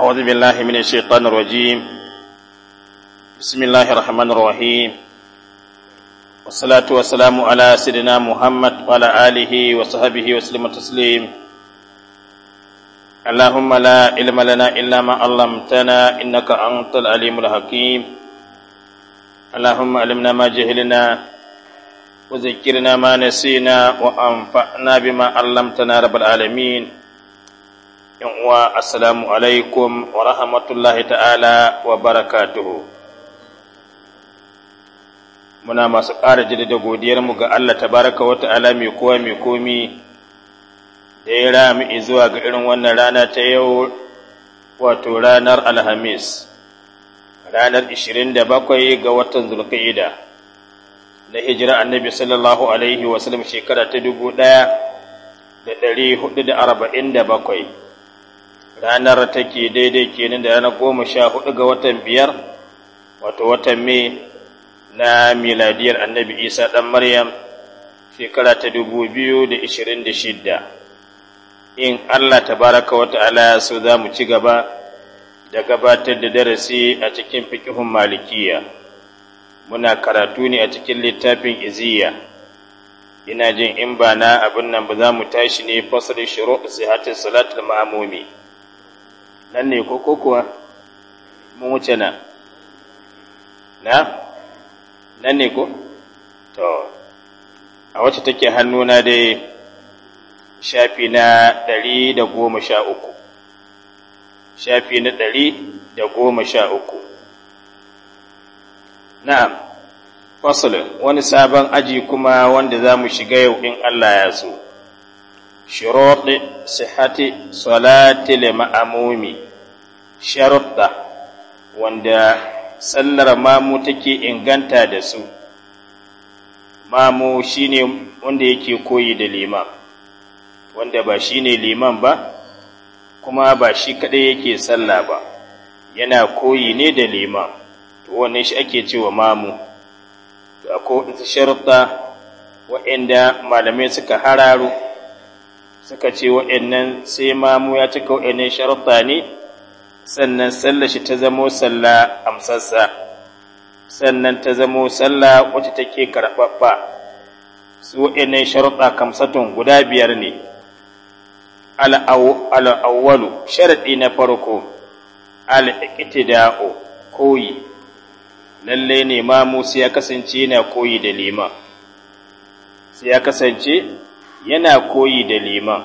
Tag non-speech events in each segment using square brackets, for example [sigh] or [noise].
أعوذ بالله من الشيطان الرجيم بسم الله الرحمن الرحيم والصلاة والسلام على سيدنا محمد وعلى آله وصحبه وسلم تسليم اللهم لا علم لنا إلا ما علمتنا إنك أنت العليم الحكيم اللهم علمنا ما جهلنا وذكرنا ما نسينا وأنفعنا بما علمتنا رب العالمين yan uwa assalamu alaikum wa rahmatullahi ta'ala wa barakatuhu muna masu ƙara da godiyarmu ga Allah Ta Baraka wa ta'ala mai kowa mai komi da ya rami zuwa ga irin wannan rana ta yau wato ranar alhamis ranar 27 ga watan zulqa'ida na hijira annabi sallallahu alaihi wasallam shekara ta dubu ɗaya da ɗari hudu da arba'in da bakwai ranar take daidai kenan da ranar goma sha hudu ga watan biyar wato watan mai na miladiyar annabi isa ɗan maryam shekara ta dubu biyu da ishirin da shidda in allah tabaraka wata ta'ala so za mu ci gaba da gabatar da darasi a cikin fikihun malikiya muna karatu ne a cikin littafin iziya ina jin in ba na abin nan ba za mu tashi ne fasali shiro sihatin salatul ma'amumi nan ne ko ko kuwa mun wuce nan na nan ne ko to a wacce take hannuna dai shafi na ɗari da goma sha uku shafi na 113 da goma sha uku na'am fasalin wani sabon aji kuma wanda za mu shiga yau in Allah ya so شروط صحة صلاة المأموم شرط وندا sallar mamu take inganta da su mamu shine wanda yake koyi da liman wanda ba shine liman ba kuma ba shi kadai yake salla ba yana koyi ne da lima. to wannan shi ake cewa mamu to akwai sharuɗa waɗanda malamai suka hararu? suka ce waɗannan sai mamu ya cika waɗannan sharuɗa ne sannan sallar shi ta zamo sallah amsassa sannan ta zamo sallah wacce take karɓaɓɓa su wa'annan sharuɗa kamsatun guda biyar ne al'awwalu sharaɗi na farko al'iƙitida'u koyi lallai ne mamu sai ya kasance na koyi da nema sai ya kasance yana koyi da liman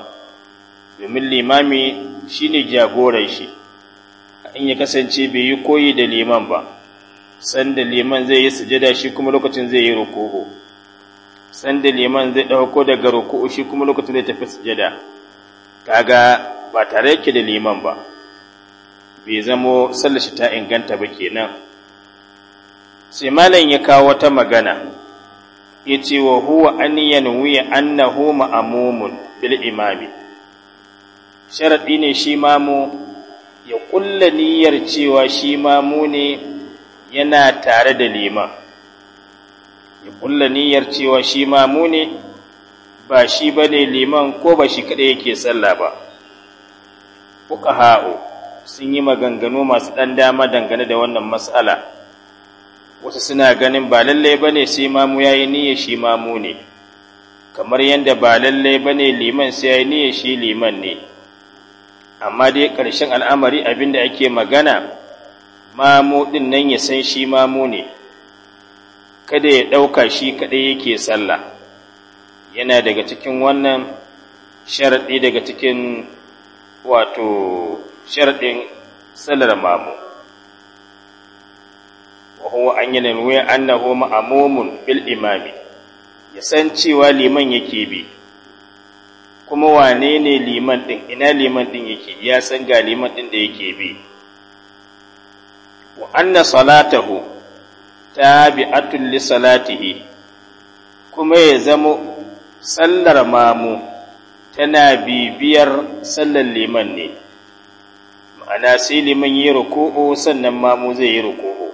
domin limami ne jagoran shi in ya kasance bai yi koyi da liman ba sanda liman zai yi sujada shi kuma lokacin zai yi ruku'u sanda liman zai dauko daga ruku'u shi kuma lokacin zai tafi sujada kaga ba tare yake da liman ba bai zamo sallar shi ta inganta ba kenan sai malam ya kawo wata magana yace wa huwa an yanwi annahu ma'mumun bil imami sharadi ne shi mamu ya kulla niyyar cewa shi mamu ne yana tare da liman ya kulla niyyar cewa shi mamu ne ba shi bane liman ko ba shi kadai yake sallah ba fuqaha sun yi maganganu masu dan dama dangane da wannan mas'ala wasu suna ganin ba lallai ba ne sai mamu ya yi niyya shi mamu ne kamar yadda ba lallai ba ne liman sai ya yi niyya shi liman ne amma dai ƙarshen al'amari abin da ake magana mamu ɗin nan ya san shi mamu ne kada ya ɗauka shi kaɗai yake sallah yana daga cikin wannan sharaɗi daga cikin wato sharaɗin salar mamu وهو أن ينوي أنه مأموم بالإمام يسان cewa liman yake bi kuma wane ne liman din ina liman din yake ya san ga liman din da yake bi wa anna salatahu tabi'atun li salatihi kuma ya zama sallar mamu tana bibiyar sallar liman ne ma'ana sai liman yi ruku'u sannan mamu zai yi ruku'u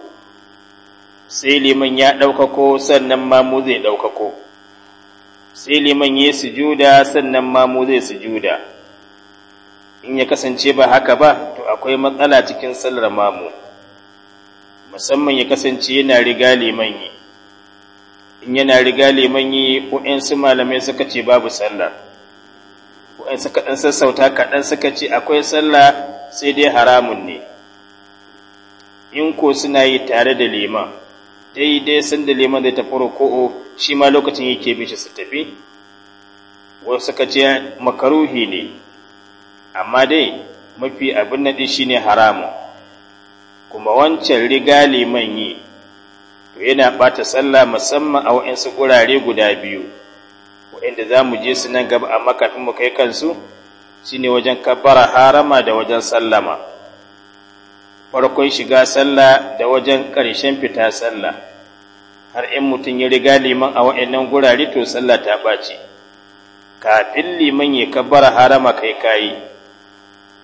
sai liman ya ɗaukako sannan mamu zai ɗaukako sai liman ya sujuda sannan mamu zai sujuda in ya kasance ba haka ba to akwai matsala cikin sallar mamu musamman ya kasance yana riga liman yi in yana riga liman yi waɗansu malamai suka ce babu sallar suka ɗan sassauta kaɗan suka ce akwai sallah sai dai haramun ne in ko suna yi tare da liman daidai sanda liman zai tafi ruku'u shi ma lokacin yake bi shi su tafi wasu suka ce makaruhi ne amma dai mafi abin naɗi shine haramun. kuma wancan riga liman yi to yana ɓata sallah musamman a waɗansu gurare guda biyu waɗanda za mu je su nan gaba a kafin mu kai kansu shine wajen kabbara harama da wajen sallama farkon shiga sallah da wajen ƙarshen fita sallah har in mutum ya riga liman a wa'annan gurare to sallah ta ɓace kafin liman ya kabbara harama kai kayi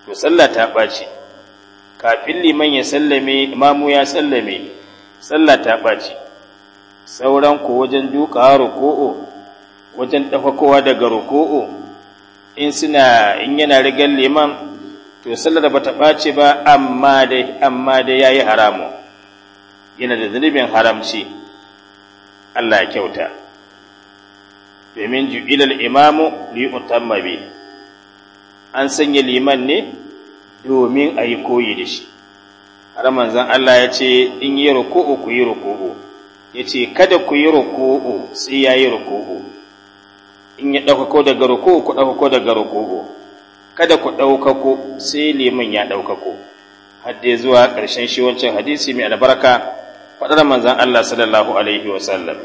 to sallah ta ɓace kafin liman ya sallame imamu ya sallame sallah ta ɓace sauran ku wajen duka ruku'u wajen kowa daga ruku'u in suna in yana rigar liman to sallar ba ta ɓace ba amma dai amma dai yayi haramu yana da zunubin haramci Allah ya kyauta domin ju'ilal imamu li utamma bi an sanya liman ne domin a yi koyi da shi har manzon Allah ya ce in yi ruku'u ku yi ruku'u ya ce kada ku yi ruku'u sai ya yi ruku'u in ya ɗaukako daga ruku'u ku ɗaukako daga ruku'u kada ku ɗaukako sai liman ya ɗaukako hadde zuwa ƙarshen shi wancan hadisi mai albarka faɗar manzan Allah sallallahu alaihi wa sallam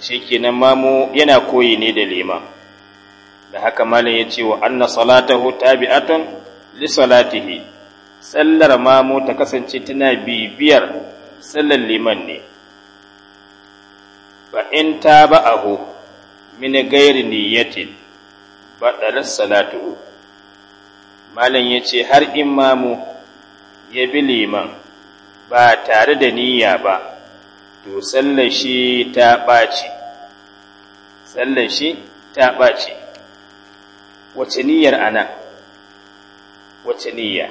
ashe kenan mamu yana koyi ne da liman da haka malam ya ce wa anna salatahu tabi'atun li salatihi sallar mamu ta kasance tana bibiyar sallar liman ne fa in taba'ahu min ghairi niyyatin badalas salatuhu malam ya ce har imamu ya bi liman ba tare da niyya ba to tsallashi ta ɓaci tsallashi ta ɓaci wace niyyar ana wace niyya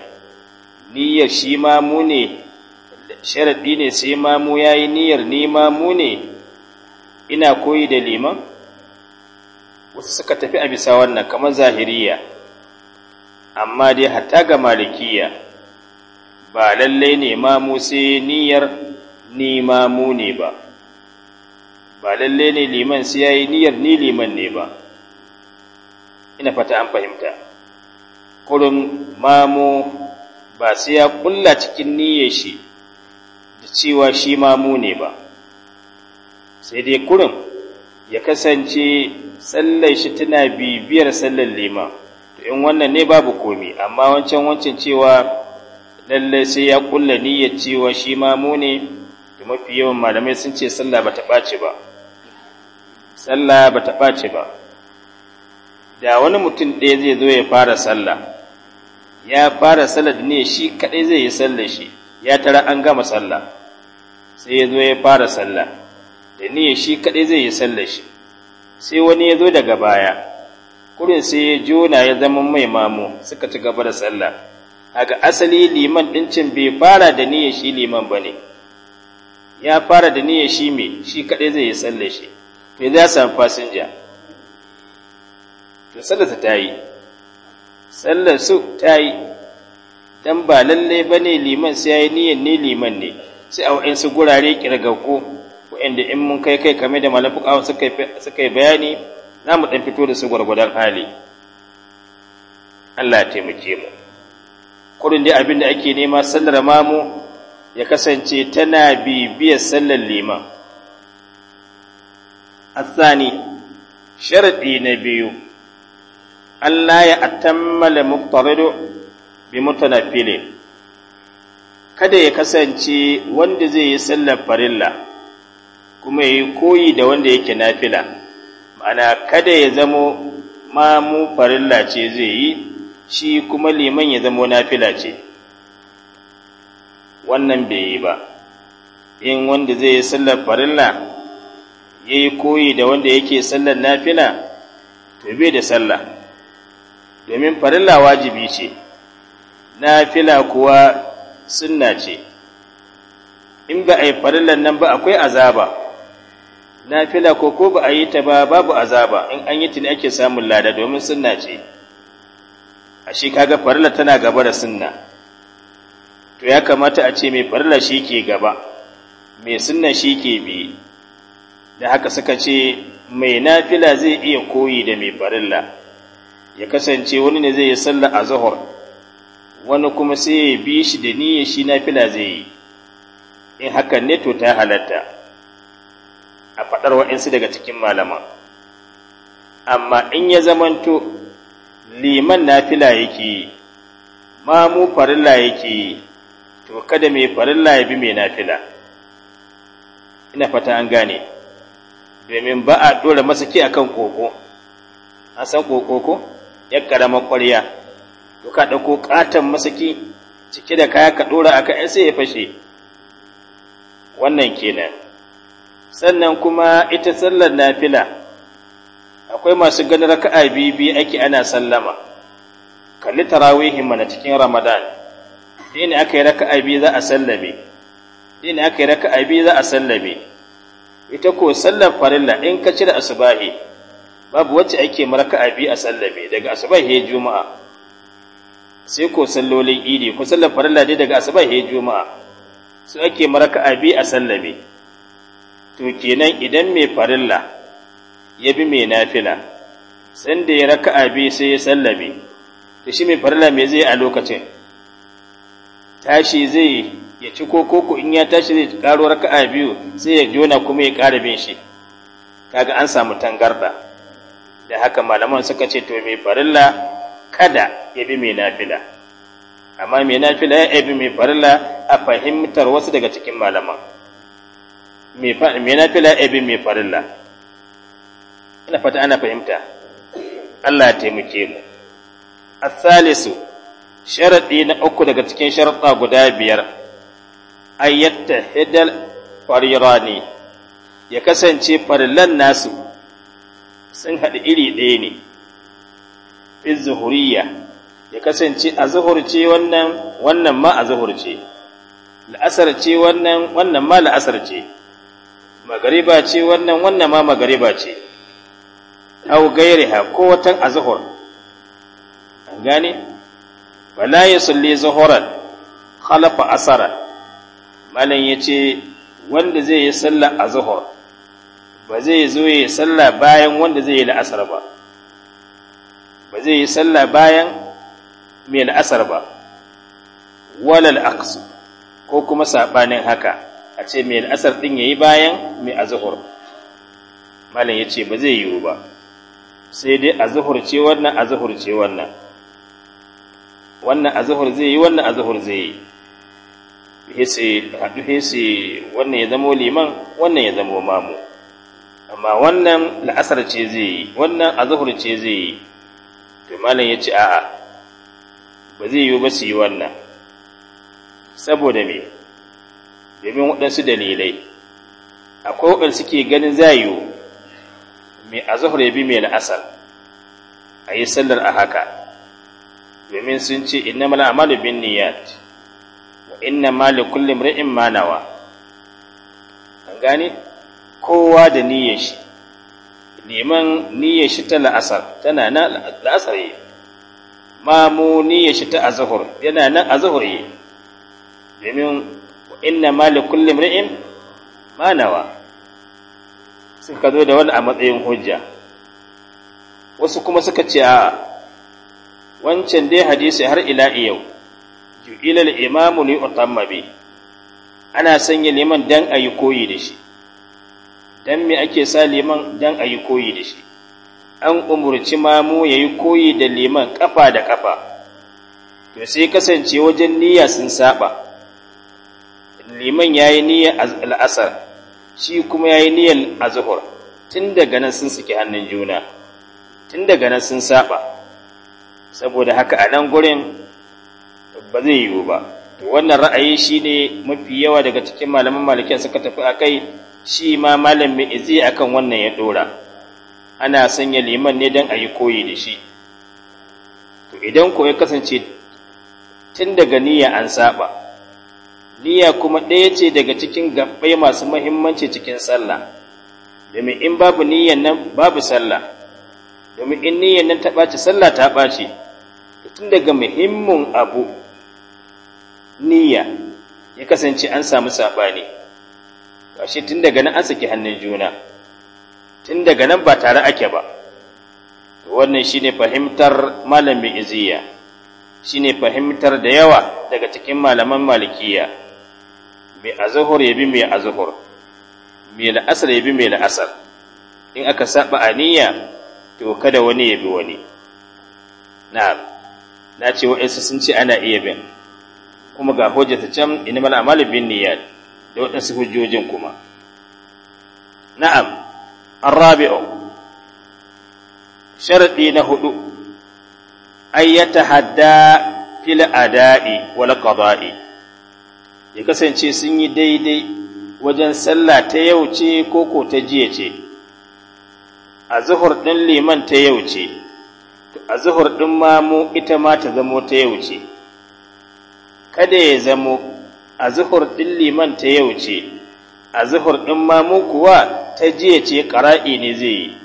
niyyar shi mamu ne sharaɗi ne sai mamu ya yi niyyar ni mamu ne ina koyi da liman wasu suka tafi a bisa wannan kamar zahiriya amma dai hatta ga malikiya ba lallai ne mamu sai niyyar ni mamu ne ba ba lallai ne liman sai yayi niyyar ni liman ne ba ina fata an fahimta kurin mamu ba sai ya kulla cikin niyyar shi da cewa shi mamu ne ba sai dai kurin ya kasance sallar shi tana bibiyar sallar liman to in wannan ne babu komi amma wancan wancan cewa lalle sai ya kulla niyyar cewa shi ma mu ne to mafi yawan malamai sun ce sallah ba ta ɓace ba sallah ba ta ɓace ba da wani mutum ɗaya zai zo ya fara sallah ya fara sallah ne shi kaɗai zai yi sallah shi ya tara an gama sallah sai ya zo ya fara sallah da niyyar shi kaɗai zai yi sallah shi sai wani ya zo daga baya kurin sai ya jona ya zama mai mamu suka ci gaba da sallah haka asali liman ɗincin bai fara da niyyar shi liman ba ne ya fara da niyyar shi mai shi kaɗai zai yi sallar shi su hafa sun fasinja to sallarsa ta yi sallar su ta yi Don ba lalle ba ne liman sai ya yi niyyar ne liman ne sai a wa'insu gurare ƙirgaggu wa'inda in mun kai kai kame da malafuka suka yi bayani za mu ɗan fito da su gwargwadon hali Allah taimake mu kudin dai abin da ake nema sallar mamu ya kasance tana bibiyar sallar liman asani sharaɗi na biyu Allah ya atammala muqtaridu bi mutanafilin kada ya kasance wanda zai yi sallar farilla kuma ya yi koyi da wanda yake nafila Ana kada ya zamo ma mu farilla ce zai yi shi kuma liman ya zamo nafila ce wannan bai yi ba in wanda zai yi sallar farilla ya yi koyi da wanda yake sallar nafila to bai da sallah domin farilla wajibi ce nafila kuwa sunna ce in ba a yi farillan nan ba akwai azaba nafila ko ko ba a yi ta ba babu azaba in an yi tuni ake samun lada domin sunna ce ashe kaga farilla tana gaba da sunna to ya kamata a ce mai farla shi ke gaba mai sunna shi ke bi da haka suka ce mai nafila zai iya koyi da mai farilla ya kasance wani ne zai yi sallah a zuhur wani kuma sai ya bi shi da niyyar shi nafila zai yi in hakan ne to ta halatta a faɗar wa'insu daga cikin malaman amma in ya zamanto liman nafila yake yi mamu farilla yake to kada mai farilla ya bi mai nafila ina fata an gane domin ba a ɗora masaki a kan koko an san koko ko ya ƙaramar ƙwarya to ka ɗauko ƙaton masaki cike da kaya ka ɗora a kan sai ya fashe wannan kenan sannan kuma ita sallar nafila akwai masu ganin raka'a biyu ake ana sallama kalli tarawihin mana cikin ramadan ne aka yi raka'a biyu za a sallame ne aka yi raka'a biyu za a sallame ita ko sallar farilla in ka cire asubahi babu wacce ake maraka'a biyu a sallame daga asubahi juma'a sai ko sallolin idi ko sallar farilla dai daga asubahi juma'a su ake maraka'a biyu a sallame to kenan idan mai farilla ya bi mai nafila sanda ya raka abi sai ya sallame to shi mai farilla me zai a lokacin tashi zai ya ci koko in ya tashi zai karo a biyu sai ya jona kuma ya kara bin shi kaga an samu tangarda da haka malaman suka ce to mai farilla kada ya bi mai nafila amma mai nafila ya bi mai farilla a fahimtar wasu daga cikin malaman mai nafila ya bi mai farilla ina fata ana fahimta Allah ya taimake mu asalisu sharadi na uku daga cikin sharuɗa guda biyar ayyatta hidal farirani ya kasance farillan nasu sun haɗu iri ɗaya ne fi zuhuriya ya kasance a zuhurce wannan wannan ma a zuhurce la'asar ce wannan wannan ma la'asar ce magariba ce wannan wannan ma magariba ce au gairiha ko watan azhur an gane wala yusalli zuhuran khalafa asara malam yace wanda zai yi sallah azhur ba zai zo yi sallah bayan wanda zai yi la'asar ba ba zai yi sallah bayan mai la'asar ba walal aqsu ko kuma sabanin haka a ce mai al'asar ɗin ya yi bayan mai azuhur malam ya ce ba zai yiwu ba sai dai azuhur ce wannan azuhur ce wannan wannan azuhur zai yi wannan azuhur zai yi hese haɗu wannan ya zamo liman wannan ya zamo mamu amma wannan la'asar ce zai yi wannan azuhur ce zai yi to malam ya ce a'a ba zai yiwu ba su yi wannan saboda me domin waɗansu dalilai akwai waɗansu suke ganin zayu mai zahar ya bi mai la'asar a yi sallar a haka domin sun ce ina mala amalu bin niyyat wa ina mala kullum ra'in manawa an gane kowa da niyyar shi neman niyyar shi ta la'asar tana na la'asar yi mamu niyyar shi ta zahar yana nan zahar yi domin inna ma li kulli mri'in ma nawa suka zo da wani a matsayin hujja wasu kuma suka ce a wancan dai hadisi har ila yau ju'ila al-imamu li utamma bi ana sanya liman dan ayi koyi da shi dan me ake sa liman dan ayi koyi da shi an umurci mamu yayi koyi da liman kafa da kafa to sai kasance wajen niyya sun saba liman ya yi niyyar al'asar shi kuma ya yi niyyar azuhur tun daga nan sun suke hannun juna tun daga nan sun saba saboda haka a nan gurin ba zai yiwu ba wannan ra'ayi shi ne mafi yawa daga cikin malaman malikiya suka tafi a kai shi ma malamin mai izi akan wannan ya ɗora ana sanya liman ne don a yi koyi da shi to idan ko ya kasance tun daga niyya an saba niyya kuma ɗaya ce daga cikin gaɓɓai masu mahimmanci cikin sallah domin in babu niyyan nan babu sallah domin in niyyan nan ta ɓaci sallah ta ɓaci tun daga muhimmin abu niyya ya kasance an samu saɓani shi tun daga nan an saki hannun juna tun daga nan ba tare ake ba wannan shine fahimtar malamin iziya shine fahimtar da yawa daga cikin malaman malikiya mai azuhur ya bi mai azuhur mai la'asar ya bi mai la'asar in aka saba aniya to kada wani ya bi wani na'am na ce wa'ansu sun ce ana iya bin kuma ga hujjata can mana amalu bin niyyat da waɗansu hujjojin kuma na'am Rabi'u. sharadi na hudu ayyata hadda fil ada'i wal qada'i ya kasance sun yi daidai wajen sallah ta yau ce ko ko ta jiya ce a zuhur ɗin liman ta yau ce a zuhur ɗin mamu ita ma ta zamo ta yau ce kada ya zamo a zuhur ɗin liman ta yau ce a zuhur ɗin mamu kuwa ta jiya ce ƙara'i ne zai yi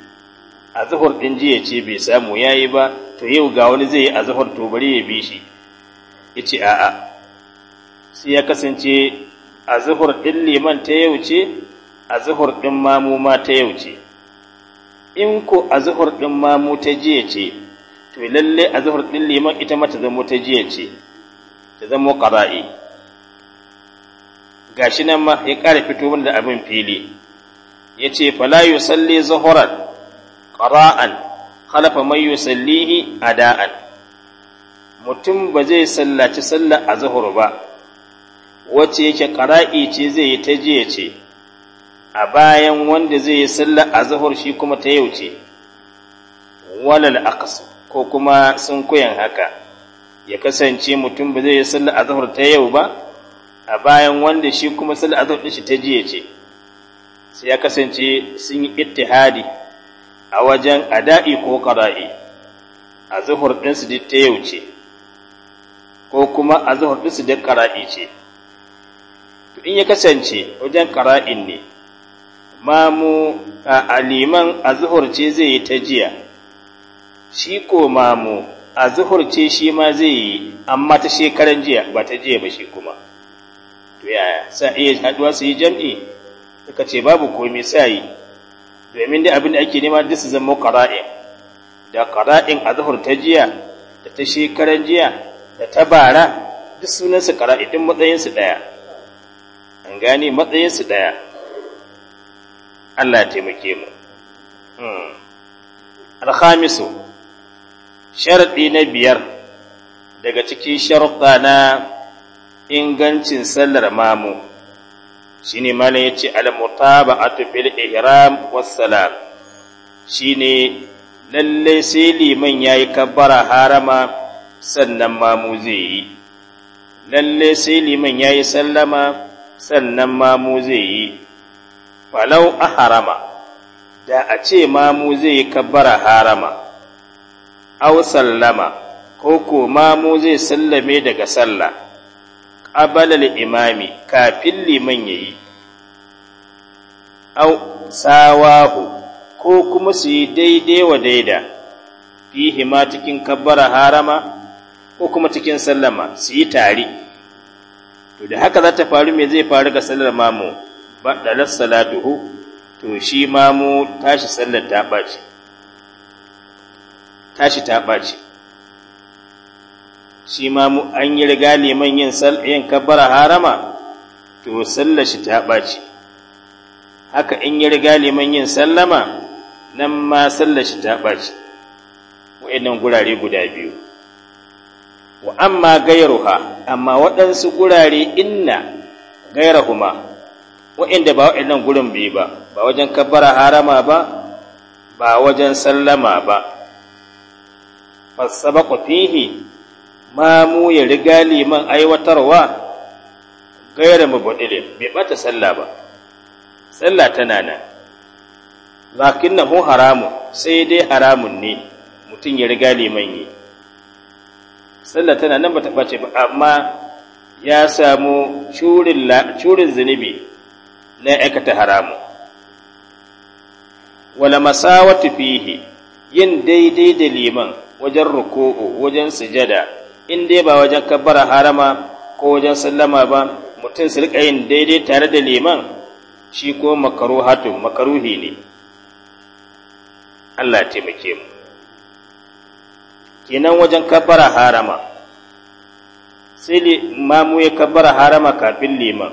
a zuhur ɗin jiya ce bai samu ya yi ba to yau ga wani zai yi a zuhur to bari ya bi shi ya ce a'a sai ya kasance a zuhur ɗin liman ta yau a zuhur ɗin mamu ma ta yau in ko a zuhur ɗin mamu ta jiya ce to lalle a zuhur ɗin liman ita ma ta zama ta jiya ce ta zamo ƙara'i gashi nan ma ya ƙara fito da abin fili ya ce fala yusalli zuhuran ƙara'an khalafa man yusallihi ada'an mutum ba zai sallaci sallar azhur ba wacce yake ƙara'i ce zai yi ta jiya ce a bayan wanda zai yi sallar a zahar shi kuma ta yau ce walal aqas ko kuma sun koyan haka ya kasance mutum ba zai yi sallar a zahar ta yau ba a bayan wanda shi kuma sallar a zahar shi ta jiya ce sai ya kasance sun yi ittihadi a wajen ada'i ko ƙara'i a zahar ɗinsu duk ta yau ce ko kuma a zahar ɗinsu duk ƙara'i ce To in ya kasance wajen ƙara'in ne mamu a aliman a zuhurce zai yi ta jiya shi ko mu a zuhurce shi ma zai yi amma ta shekaran jiya ba ta jiya ba shi kuma to yaya sa iya haɗuwa su yi jam'i suka ce babu komai sa yi domin da abin da ake nema duk su zama ƙara'in da ƙara'in a zuhur ta jiya da ta shekaran jiya da ta bara duk sunansu ƙara'in duk matsayinsu ɗaya an gane matsayinsu daya. Allah taimake mu hmm. alhamisu sharaɗi na biyar daga cikin sharuɗa na ingancin sallar mamu shine malam yace al-mutaba'atu bil ihram was-salam shine lallai sai liman yayi kabbara harama sannan mamu zai yi lallai sai liman yayi sallama sannan mamu zai yi falau a harama da a ce mamu zai yi kabbara harama au sallama ko ko mamu zai sallame daga sallah ƙabalar imami kafin liman ya yi au tsawahu ko kuma su yi daidai wa daida fihi ma cikin kabbara harama ko kuma cikin sallama su yi tari? to da haka za ta faru me zai faru ga sallar mamu ba baɗalar salatuhu to shi mamu tashi sallar ta ɓace tashi ta ɓace shi mamu an yi riga neman yin yin kabbara harama to sallar shi ta ɓace haka in yi riga neman yin sallama nan ma sallar shi ta ɓaci wa'annan gurare guda biyu wa amma gairuha amma waɗansu gurare inna gairahuma wa'inda ba waɗannan gurin bai ba ba wajen kabbara harama ba ba wajen sallama ba fasabaqu fihi mu ya riga liman aiwatarwa gaira bodile bai bata sallah ba sallah tana nan lakinnahu haramu sai dai haramun ne mutum ya riga liman yi sallah tana nan bata ɓace ba amma ya samu curin zunubi na aikata haramu wala masawatu fihi yin daidai da liman wajen ruku'u wajen sujada in dai ba wajen kabbara harama ko wajen sallama ba mutum su rika yin daidai tare da liman shi ko makaruhatu makaruhi ne Allah taimake mu kenan wajen kabbara harama sai mamu ya kabbara harama kafin liman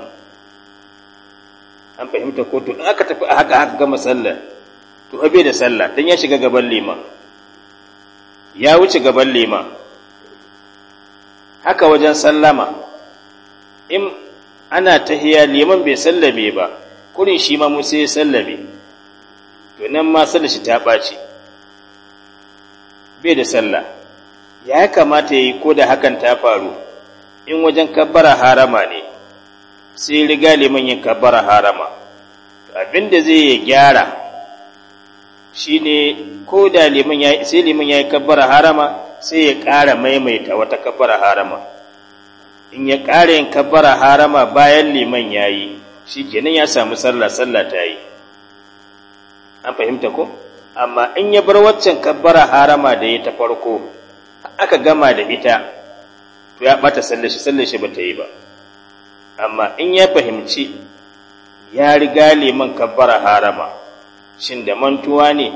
an fahimta ko to aka tafi a haka haka gama sallah to abe da sallah dan ya shiga gaban liman ya wuce gaban liman haka wajen sallama in ana tahiya liman bai sallame ba kurin shi ma musa ya sallame to nan ma sallashi ta ɓaci bai da sallah ya kamata yi ko da hakan ta faru in wajen kabbara harama ne sai riga liman yin kabbara harama abin da zai gyara gyara ne ko da liman ya sai liman ya yi kabbara harama sai ya ƙara maimaita wata kabbara harama in ya ƙara yin kabbara harama bayan liman ya yi shi kenan ya samu sallah sallah ta yi an fahimta ko amma in ya bar waccan kabbara harama da ya ta farko aka gama da ita to ya bata sallar shi sallar shi bata yi ba amma in ya fahimci ya riga liman kabbara harama shin da mantuwa ne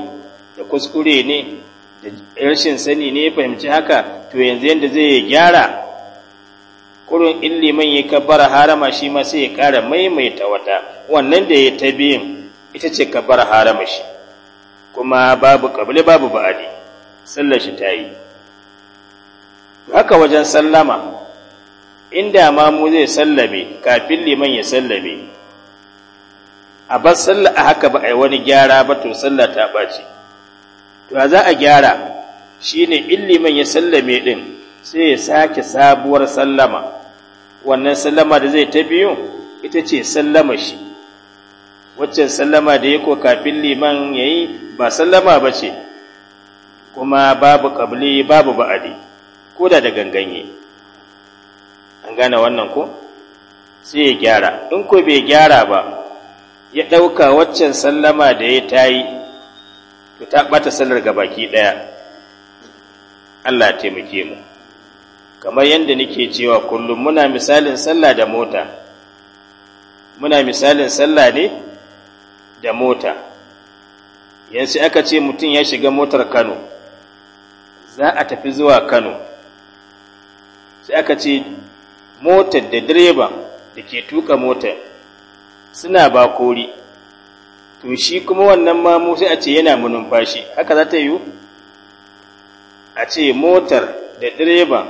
da kuskure ne da rashin sani ne ya fahimci haka to yanzu yanda zai yi gyara kurin in liman ya kabbara harama shi ma sai ya ƙara maimaita wata wannan da ya ta biyin ita ce kabbara harama shi kuma babu kabli babu ba'adi sallar shi ta yi haka wajen sallama inda mamu zai sallame kafin liman ya sallame a ba sallah a haka ba a yi wani gyara ba to sallah ta ɓaci to za a gyara shine in liman ya sallame ɗin sai ya sake sabuwar sallama wannan sallama da zai ta biyu ita ce sallama shi waccan sallama da ya ko kafin liman ya yi ba sallama ba ce kuma babu ƙabli babu ba'adi ko da ganganye an gane wannan ko sai ya gyara in ko bai gyara ba ya ɗauka waccan sallama da ya ta yi to ta ɓata sallar ga baki ɗaya Allah taimake mu kamar yadda nake cewa kullum muna misalin sallah da mota muna misalin sallah ne da mota yanzu aka ce mutum ya shiga motar Kano za a tafi zuwa Kano sai aka ce motar da direban da ke tuka motar suna ba kori to shi kuma wannan mamu sai a ce yana munumfashi haka za ta yiwu a ce motar da direban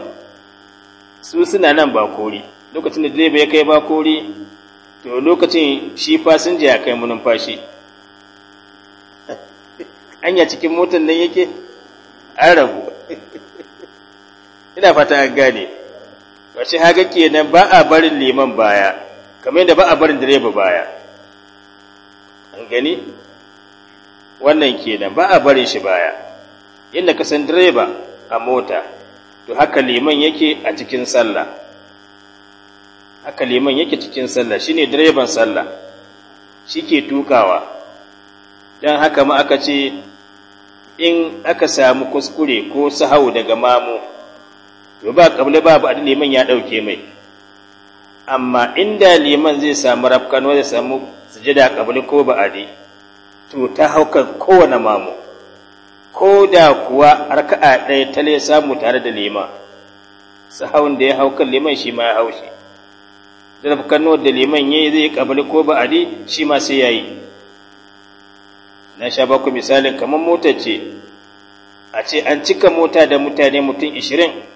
su suna nan ba kori lokacin da direba ya kai ba kori to lokacin shi fasinja ya kai munumfashi [laughs] anya cikin motar nan yake an rabu [laughs] ina fata an gane wace haka kenan ba a barin liman baya kamar yadda ba a barin direba baya an gani wannan kenan ba a barin shi baya yadda ka san direba a mota to haka liman yake a cikin sallah haka liman yake cikin sallah shine direban sallah shi ke tukawa don haka ma aka ce in aka samu kuskure ko sahau daga mamu to ba kabla ba ba liman ya dauke mai amma inda liman zai samu rafkano zai samu sujada kabli ko adi to ta hauka kowane mamu ko da kuwa raka'a ɗaya ta le samu tare da liman sahawun da ya hauka liman shi ma ya haushi rafkano da liman yayi zai kabli ko adi shi ma sai yayi na sha baku misalin kamar motar ce a ce an cika mota da mutane mutum ishirin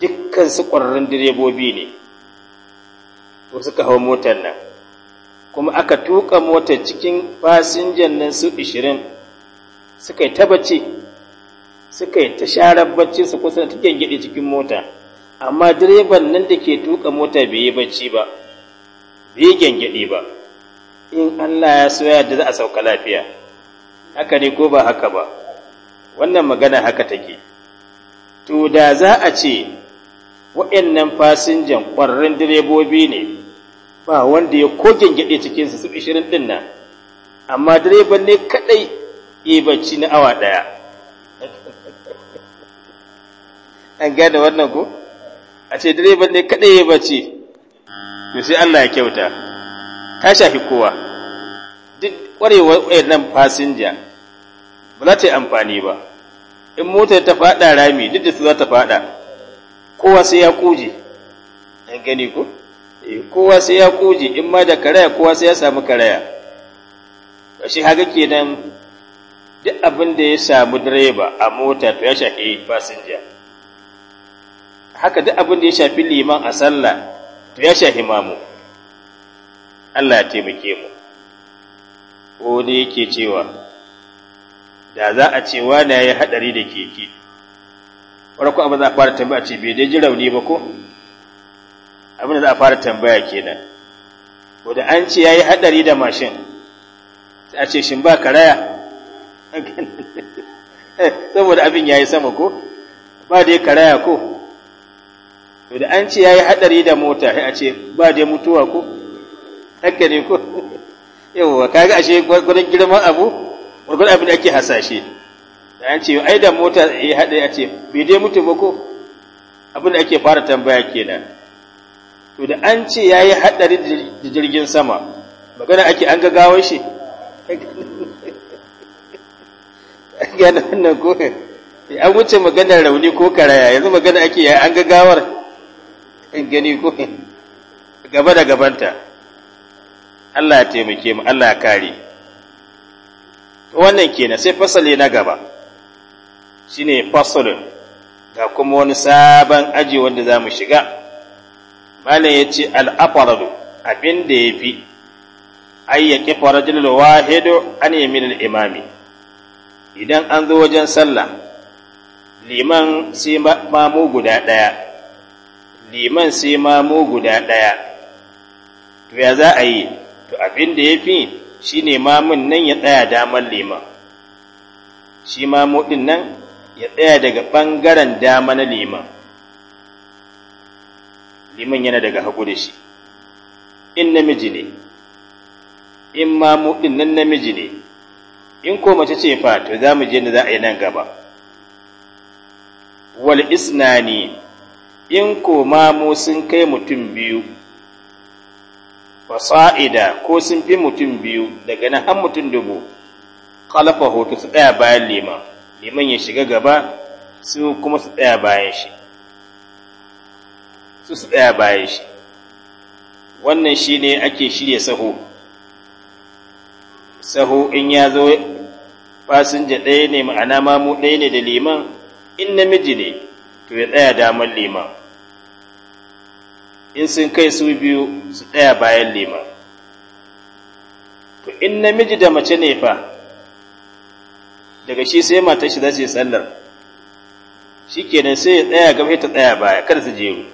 dukkan su ƙwararrun direbobi ne to suka hau motar nan kuma aka tuka motar cikin fasinjan nan su 20 suka yi ta bacci suka yi ta sharar bacci su kusa ta gyangyaɗe cikin mota amma direban nan da ke tuka mota bai yi bacci ba bai yi gyangyaɗe ba in Allah ya soya da za a sauka lafiya haka ne ko ba haka ba wannan magana haka take to da za a ce nan fasinjan ƙwararrun direbobi ne ba wanda ya ko gyangyaɗe cikinsu su ishirin ɗin nan amma direban ne kaɗai yi bacci na awa ɗaya [laughs] an gane wannan ko a ce direban ne kaɗai yi bacci to sai Allah ya kyauta ta shafi kowa duk ƙwarewar nan fasinja ba za ta yi amfani ba in motar ta faɗa rami duk da su za ta faɗa kowa sai ya kuje an gani ku eh, kowa sai ya kuje in ma da karaya kowa sai ya samu karaya shi haka kenan duk abin da ya samu direba a mota to ya shafi fasinja haka duk abin da ya shafi liman a sallah to ya shafi mamu Allah ya taimake mu ko ne yake cewa da za a ce wani ya yi haɗari da keke farko abin za a fara tambaya ce bai dai ji rauni ba ko abin da za a fara tambaya kenan ko da an ce yi haɗari da mashin sai a ce shi ba karaya [laughs] saboda abin ya yi sama ko ba dai karaya ko to da an ce yi haɗari da mota sai a ce ba dai mutuwa ko haka ne ko [laughs] yawwa kaga ashe gurin girman abu gurin abin da ake hasashe da an ce ai da mota ya haɗe a ce bai dai mutu ba ko abin da ake fara tambaya kenan to da an ce ya yi haɗari da jirgin sama magana ake an gagawar shi [laughs] gane wannan ko an wuce maganar rauni ko karaya yanzu magana ake ya an gagawar gani ko gaba da gabanta Allah ya taimake mu Allah ya kare wannan kenan sai fasali na gaba shine fasalun ga kuma wani sabon aji wanda za mu shiga malam ya ce al'afaradu abin da ya fi ai farajin kifa rajulul wahidu an imami idan an zo wajen sallah liman sai mamu guda ɗaya liman sai mamu guda ɗaya to ya za a yi to abin da ya fi shi ne mamun nan ya tsaya damar liman shi mamu ɗin nan ya tsaya daga ɓangaren dama na liman liman yana daga hagu da shi in namiji ne in ma muɗin nan namiji ne in ko mace ce fa to za mu je da za a yi nan gaba wal isnani in ko mamu sun kai mutum biyu fasa'ida ko sun fi mutum biyu daga nan har mutum dubu kalafa hoto su tsaya bayan liman liman ya shiga gaba su kuma su tsaya bayan shi su su tsaya bayan shi wannan shi ne ake shirya saho saho in ya zo fasinja ɗaya ne ma'ana mamu ɗaya ne da liman in namiji ne to ya tsaya damar liman in sun kai su biyu su tsaya bayan liman to in namiji da mace ne fa daga shi sai mata shi za su yi sallar shi kenan sai ya tsaya gaba ta tsaya baya kada su jeru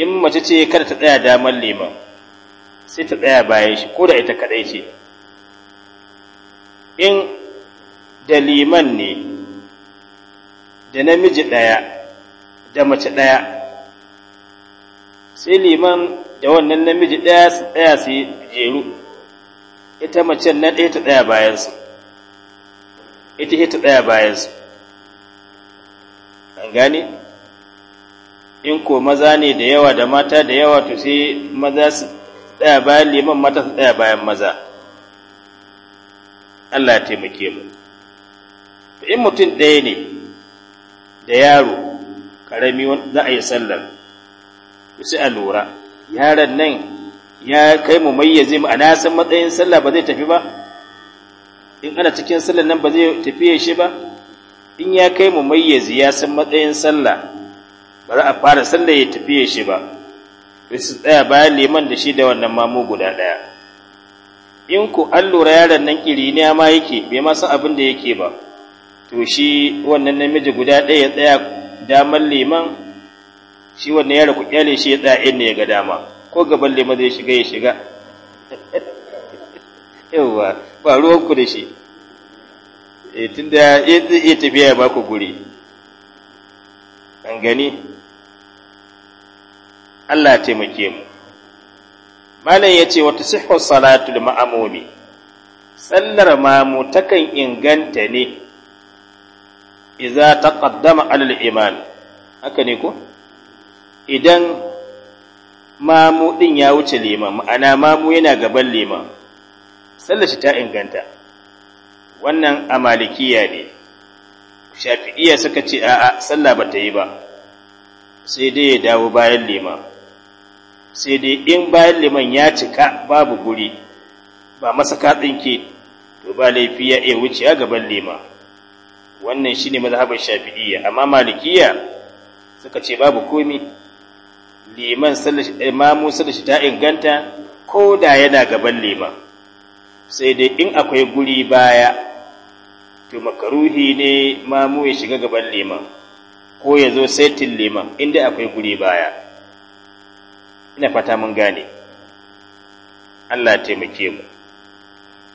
in mace ce kada ta tsaya damar liman sai ta tsaya bayan shi ko da ita kadai ce in da liman ne da namiji ɗaya da mace ɗaya sai liman da wannan namiji ɗaya su tsaya su jeru ita macen na ɗaya ta tsaya bayansu ita ta ɗaya bayan su an gani in ko maza ne da yawa da mata da yawa to sai maza su ɗaya bayan liman mata su ɗaya bayan maza Allah ya taimake mu in mutum ɗaya ne da yaro ƙarami za a yi sallar sai a lura yaron nan ya kai mu mayyazi mu a na san matsayin sallah ba zai tafi ba in ana cikin sallar nan ba zai tafiye shi ba in ya kai mu mayyazi ya san matsayin sallah ba za a fara sallar ya tafiye shi ba su tsaya bayan liman da shi da wannan mamu guda ɗaya in ku an lura yaron nan ne ma yake bai ma san abin da yake ba to shi wannan namiji guda ɗaya ya tsaya damar liman shi wannan yaro ku kyale shi ya tsaya inda ya ga dama ko gaban liman zai shiga ya shiga [laughs] yawwa ba ruwanku da shi e eh, tun da ya iya tafiya ya baku guri an gani Allah taimake mu malam ya ce wata sihhu salatu da Ma'amomi. sallar mamu takan inganta ne iza ta ƙaddama alal iman haka ne ko idan mamu ɗin ya wuce liman ma'ana mamu yana gaban liman Sallashi ta inganta wannan a malikiya ne shafi'iya suka ce a'a sallah ba ta yi ba sai dai ya dawo bayan lima sai dai in bayan liman ya cika babu guri ba katsin ke, to ba laifi ya iya wuce a gaban lima wannan shine mazhabar shafi'iyya amma malikiya suka ce babu komi liman sallashi imamu ta inganta ko da yana gaban liman sai dai in akwai guri baya to makaruhi ne mamu ya shiga gaban liman ko ya zo saitin liman inda akwai guri baya ina fata mun gane Allah taimake mu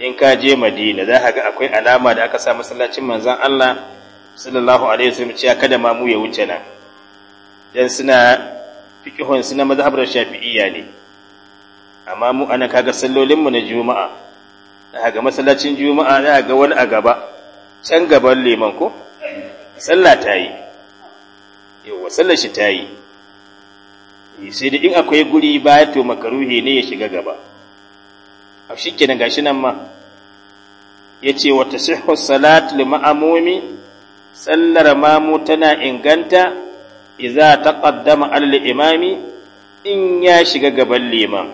in ka je Madina za ka ga akwai alama da aka sa masallacin manzon Allah sallallahu alaihi wasallam cewa kada mamu ya wuce nan dan suna fikihon suna mazhabar Shafi'iyya ne amma mu ana kaga sallolin mu na Juma'a za ga masallacin juma'a za ga wani a gaba can gaban liman ko sallah ta yi yawa sallar shi ta yi eh, sai da in akwai guri ba ya to makaruhi ne ya shiga gaba a shi kenan gashi nan ma ya ce wata sihhu salatu ma'amumi sallar mamu tana inganta iza ta ƙaddama alal imami in ya shiga gaban liman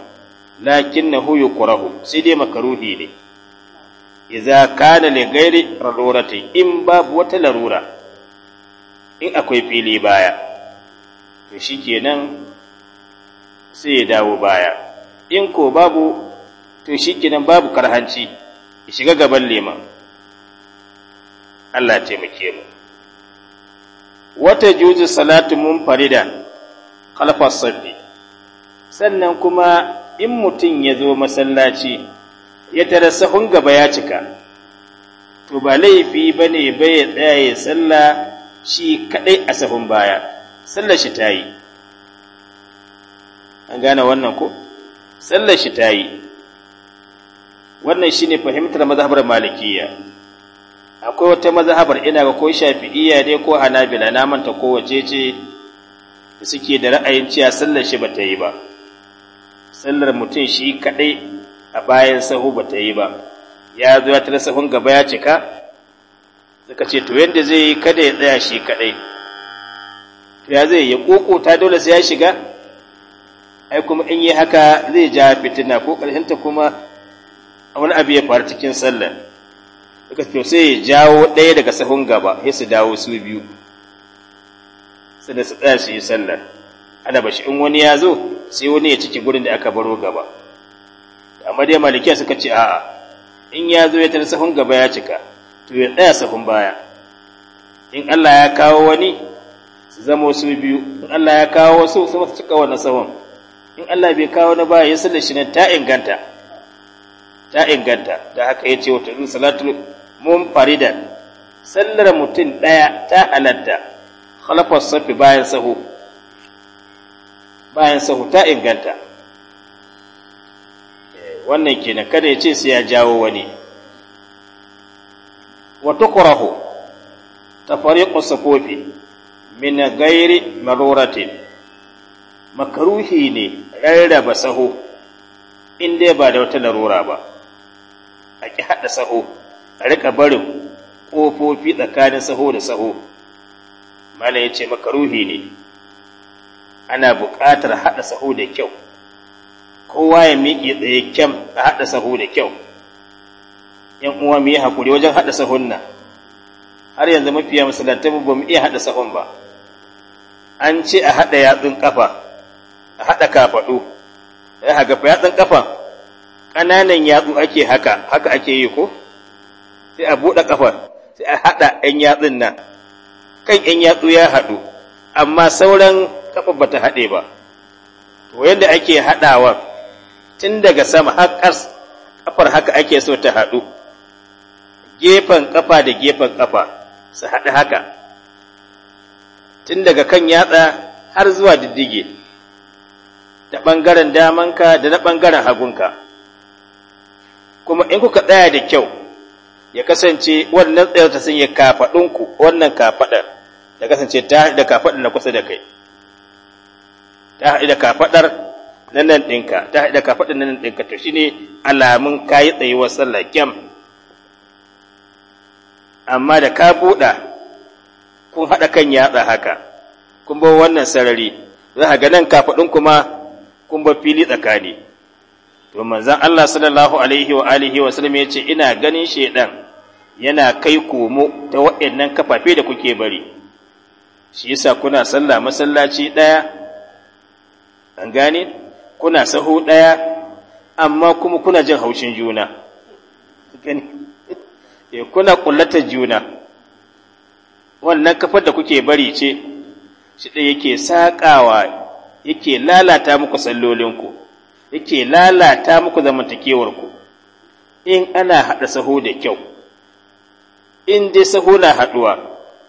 lakin na huyu kurahu sai dai makaruhi ne idza kana li ghairi rarurati in babu wata larura in akwai fili baya to shikenan sai ya dawo baya in ko babu to shikenan babu karhanci ya shiga gaban liman Allah ya taimake mu wata juzu salatu farida khalfa sabbi sannan kuma in mutum ya zo masallaci ya tara sahun gaba ya cika to ba laifi ba ne bai ya tsaya ya sallah shi kaɗai a sahun baya tsalla shi ta yi an gane wannan ko tsalla shi ta yi wannan shi ne fahimtar mazhabar malikiya akwai wata mazhabar ina ga ko shafi'iyya ne ko hanabila na manta wace ce da suke da ra'ayin cewa sallar shi ba ta yi ba sallar mutum shi kaɗai a bayan sahu ba ta yi ba ya zo ya tara sahun gaba ya cika suka ce to yadda zai yi kada ya tsaya shi kadai to ya zai ya kokota dole sai ya shiga ai kuma in yi haka zai ja fitina ko ta kuma wani abu ya faru cikin sallar suka ce sai ya jawo ɗaya daga sahun gaba sai su dawo su biyu sai su tsaya su yi sallar ana bashi in wani ya zo sai wani ya ciki gurin da aka baro gaba amma dai malikiya suka ce a'a in ya zo ya tara sahun gaba ya cika to ya tsaya sahun baya in Allah ya kawo wani su zama su biyu in Allah ya kawo wasu su masu cika wannan sahun in Allah bai kawo na baya ya sallar shi ne ta inganta ta inganta da haka ya ce wata salatul mun farida sallar mutum ɗaya ta halatta khalafar safi bayan sahu bayan sahu ta inganta wannan kenan kada ya ce sai ya jawo wani wa tukrahu tafariqu safufi min ghairi maruratin makruhi ne rarraba saho in dai ba da wata larura ba a ki haɗa saho a rika barin kofofi tsakanin saho da saho malam ya ce makaruhi ne ana buƙatar haɗa saho da kyau kowa ya miƙe tsaye kyam a haɗa sahu da kyau ‘yan uwa mu yi haƙuri wajen haɗa sahun nan har yanzu mafiya masallatai ba mu iya haɗa sahun ba an ce a haɗa yatsun ƙafa a haɗa kafaɗu ya haka fa yatsun ƙafa ƙananan yatsu ake haka haka ake yi ko sai a buɗe ƙafar sai a haɗa ‘yan yatsun nan kan ‘yan yatsu ya haɗu amma sauran ƙafa ta haɗe ba to yadda ake haɗawa tun daga sama har ƙas ƙafar haka ake so ta haɗu gefen ƙafa da gefen ƙafa su haɗu haka tun daga kan yatsa har zuwa diddige ta ɓangaren damanka da na ɓangaren hagunka kuma in kuka tsaya da kyau ya kasance wannan tsayar ta sun yi kafaɗinku wannan kafaɗar ya kasance ta haɗu da kafaɗar na kusa da kai ta haɗu da kafaɗar na nan ɗinka ta haɗa kafaɗin na nan ɗinka to shine alamun ka kayi tsayuwar sallah kyam amma da ka buɗa kun haɗa kan yatsa haka kun bar wannan sarari za ka ga nan kafaɗin kuma kun bar fili tsakani to manzon Allah sallallahu alaihi wa alihi wa sallam ya ce ina ganin shedan yana kai komo ta waɗannan kafafe da kuke bari shi yasa kuna sallah masallaci ɗaya an gane kuna sahu ɗaya amma kuma kuna jin haushin juna gani [laughs] eh, kuna kullata juna wannan kafar da kuke bari ce shi ɗaya yake saƙawa yake lalata muku sallolinku yake lalata muku zamantakewarku in ana haɗa saho da kyau in dai saho na haɗuwa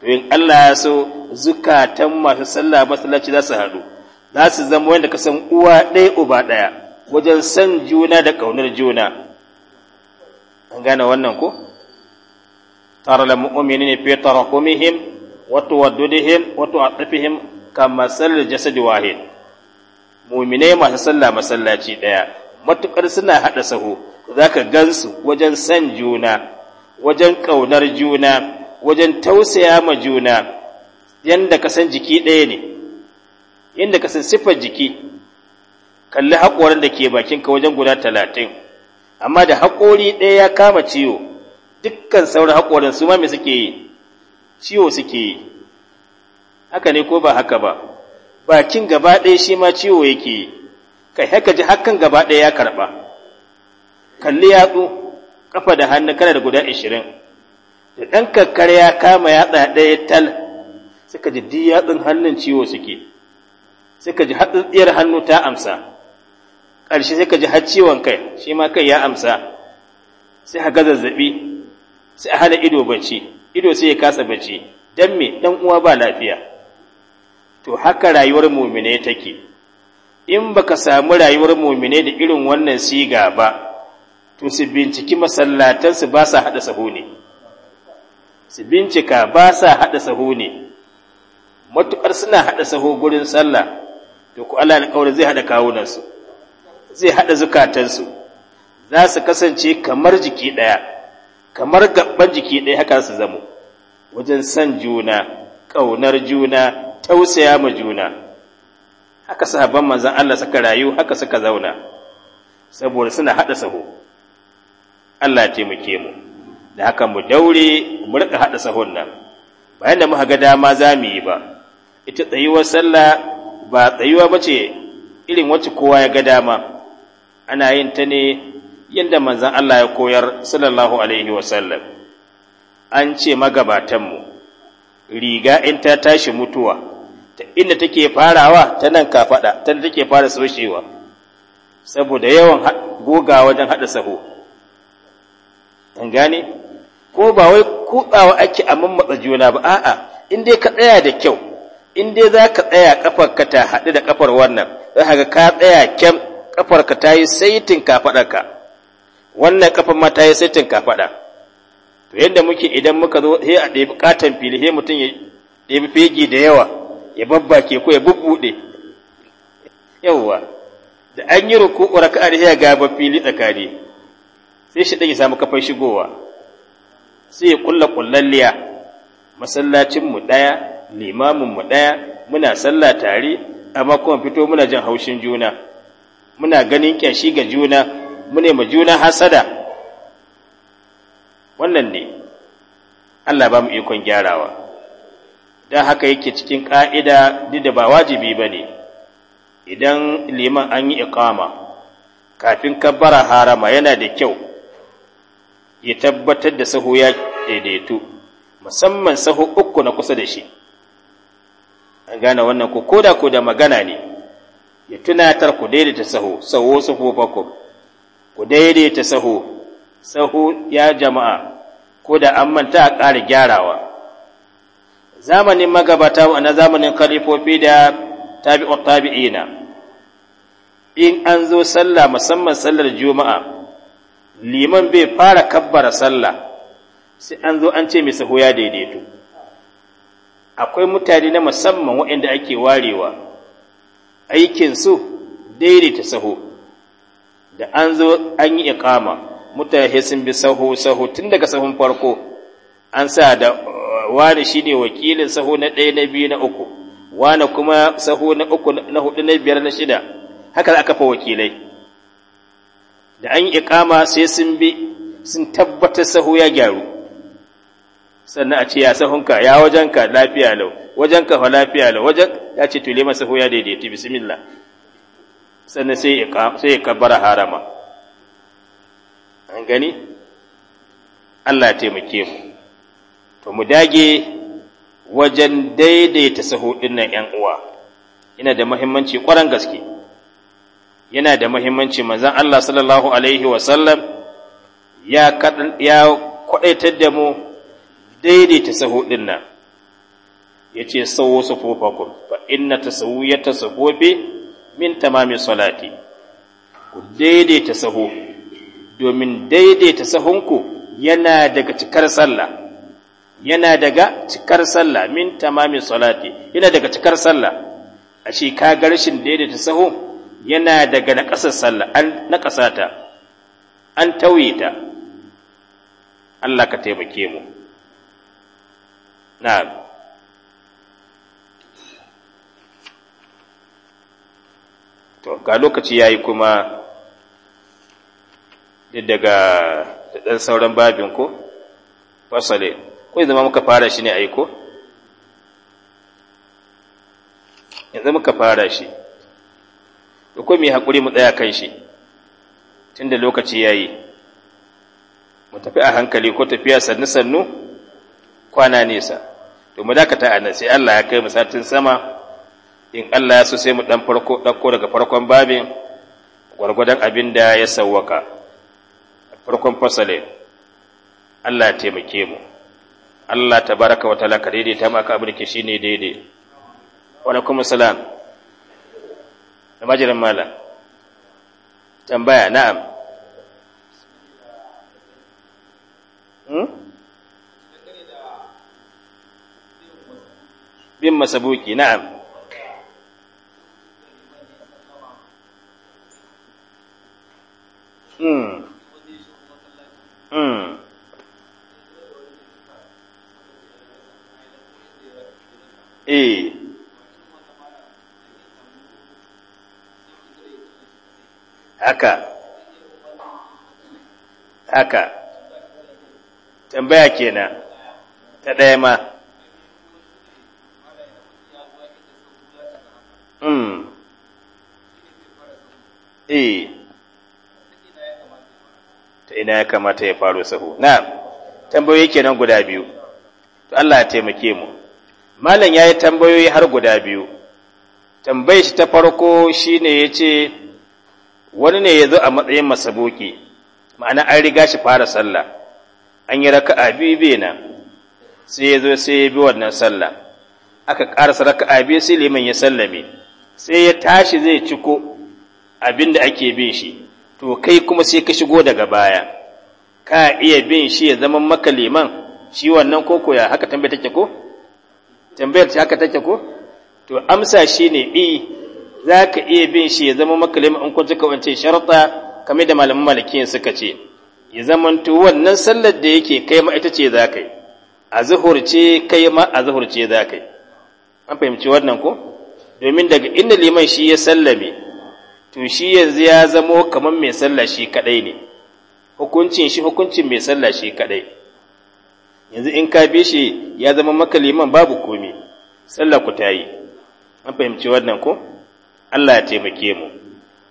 to in Allah ya so zukatan masu sallah masallaci za su haɗu za su zama wanda ka san uwa ɗaya uba ɗaya wajen san juna da ƙaunar juna an gane wannan ko tara fiye tara fi wato wa tawaddudihim wa tu'atifihim kama sallar jasad wahid mu'minai masu sallah masallaci ɗaya matuƙar suna haɗa sahu. za ka gansu wajen san juna wajen ƙaunar juna wajen tausaya ma juna yadda ka san jiki ɗaya ne inda ka san siffar jiki kalli haƙorin da ke bakinka wajen guda talatin amma da haƙori ɗaya ya kama ciwo dukkan sauran haƙorin su ma me suke yi ciwo suke yi haka ne ko ba haka ba bakin gaba ɗaya shi ma ciwo yake yi kai haka ji hakan gaba ɗaya ya karɓa kalli yatsu kafa da hannu kana da guda ashirin da ɗan kakkar ya kama yatsa ɗaya tal suka ji duk yatsun hannun ciwo suke sai ka ji hatsitsiyar hannu ta amsa ƙarshe sai ka ji har ciwon kai shi ma kai ya amsa sai haka zazzaɓi sai a hana ido bacci ido sai ya kasa bacci dan me ɗan uwa ba lafiya to haka rayuwar mumine take in baka samu rayuwar mumine da irin wannan siga ba to su binciki masallatansu ba sa haɗa sahu ne su bincika ba sa haɗa sahu ne matuƙar suna haɗa sahu gurin sallah to ku Allah alƙawarin zai haɗa kawunansu zai haɗa zukatansu za su kasance kamar jiki ɗaya kamar gaɓan jiki ɗaya haka su zamo wajen san juna ƙaunar juna tausaya ma juna haka sahabban manzon Allah suka rayu haka suka zauna saboda suna haɗa saho Allah ya taimake mu da haka mu daure mu rika haɗa sahon nan bayan da muka ga dama za mu yi ba ita tsayuwar sallah ba tsayuwa ba ce irin wacce kowa ya ga dama ana yin ta ne yadda manzan Allah ya koyar sallallahu alaihi wasallam an ce magabatanmu riga in ta tashi mutuwa ta inda take farawa ta nan kafaɗa ta take fara soshewa saboda yawan goga wajen haɗa saho an gane ko ba wai kuɗawa ake a mammatsa juna ba a'a in dai ka tsaya da kyau in dai za ka tsaya ƙafarka ta haɗu da kafar wannan za ka ka tsaya kyan ƙafarka ta yi saitin kafaɗarka wannan ƙafar ma ta yi saitin kafaɗa to yadda muke idan muka zo he a ɗaya fili he mutum ya ɗaya fegi da yawa ya babbake ko ya bubbuɗe yawwa da an yi ruku'u a da ya ba fili tsakani sai shi ɗan ya samu kafar shigowa sai ya ƙulla ƙullalliya masallacinmu ɗaya Limamin mu ɗaya muna sallah tare amma kuma fito muna jin haushin juna muna ganin ƙyashi ga juna mune ma juna hasada wannan ne Allah ba mu ikon gyarawa don haka yake cikin ƙa'ida duk da ba wajibi ba ne idan liman an yi iƙama kafin kabbara harama yana da kyau ya tabbatar da sahu ya daidaitu musamman sahu uku na kusa da shi an gane wannan ko koda ko da magana ne ya tunatar ku daidaita saho saho sufufakum ku daidaita saho saho ya jama'a ko da an manta a ƙara gyarawa zamanin magabata na zamanin kalifofi da tabi'u tabi'ina in an zo sallah musamman sallar juma'a liman bai fara kabbara sallah sai an zo an ce mai saho ya daidaito akwai mutane na musamman waɗanda ake warewa aikinsu daidaita saho da an zo an yi iƙama mutane sun bi saho saho tun daga sahun farko an sa da wani shi ne wakilin saho na ɗaya na biyu na uku wani kuma saho na uku na hudu na biyar na shida haka aka fa wakilai da an yi iƙama sai sun bi sun tabbatar saho ya gyaru sannan a ce ya sahunka ya wajenka lafiya lau wajenka fa lafiya lau wajen ya ce tule masa ya daidaitu bismillah sannan sai ya kabbara harama an gani Allah ya taimake mu to mu dage wajen daidaita sahudin nan ‘yan uwa yana da muhimmanci ƙwarar gaske yana da muhimmanci manzon Allah sallallahu Alaihi wa sallam ya kwadaitar da mu daidaita saho ɗin nan ya ce sawo sufofakun fa inna tasawiyata sufofi min tamami salati ku daidaita sahu domin daidaita sahonku yana daga cikar sallah yana daga cikar sallah min tamami salati yana daga cikar sallah a shi ka rashin daidaita sahu yana daga naƙasar sallah an naƙasata an tauye ta Allah ka taimake mu na'am to ga lokaci yayi kuma daga dan sauran babin ko fasale ko zama muka fara shi ne aiko yanzu muka fara shi to ko mi hakuri mu tsaya kan shi tunda lokaci yayi mu tafi a hankali ko tafiya sannu sannu kwana nesa to mu dakata a nan sai Allah ya kai mu satin sama in Allah ya so sai mu dan farko dauko daga farkon babin gwargwadon abin da ya sawwaka farkon fasale Allah ya taimake mu Allah tabaraka wa ta'ala kare dai ta maka abin da shine daidai wa alaikum assalam da majiran malam tambaya na'am hmm? bin masabuki na'am Mm. Mm. Eh. Haka. Haka. Tambaya kenan. Ta ɗaya ma. ta ina ya kamata ya faru sahu na tambayoyi kenan guda biyu to Allah ya taimake mu malam yayi tambayoyi har guda biyu tambayar shi ta farko shine yace wani ne yazo a matsayin masaboki ma'ana an riga shi fara sallah an yi raka'a biyu bena sai yazo sai ya bi wannan sallah aka karasa raka'a biyu sai liman ya sallame sai ya tashi zai ciko abin da ake bin shi to kai kuma sai ka shigo daga baya ka iya bin shi ya zama maka liman shi wannan koko ya haka tambayar take ko tambayar ta haka take ko to amsa shi ne i e, za ka iya bin shi ya zama maka liman in kun cika wancan sharta kamar da malaman malikiyin suka ce ya to wannan sallar da yake kai ma ita ce za ka yi a zuhur ce kai ma a zuhur ce za kai. yi an fahimci wannan ko domin daga inda liman shi ya sallame to shi yanzu ya zamo kamar mai sallah shi kadai ne hukuncin shi hukuncin mai sallah shi kadai yanzu in ka bi shi ya zama maka liman babu komi sallah ku ta yi an fahimci wannan ko Allah ya taimake mu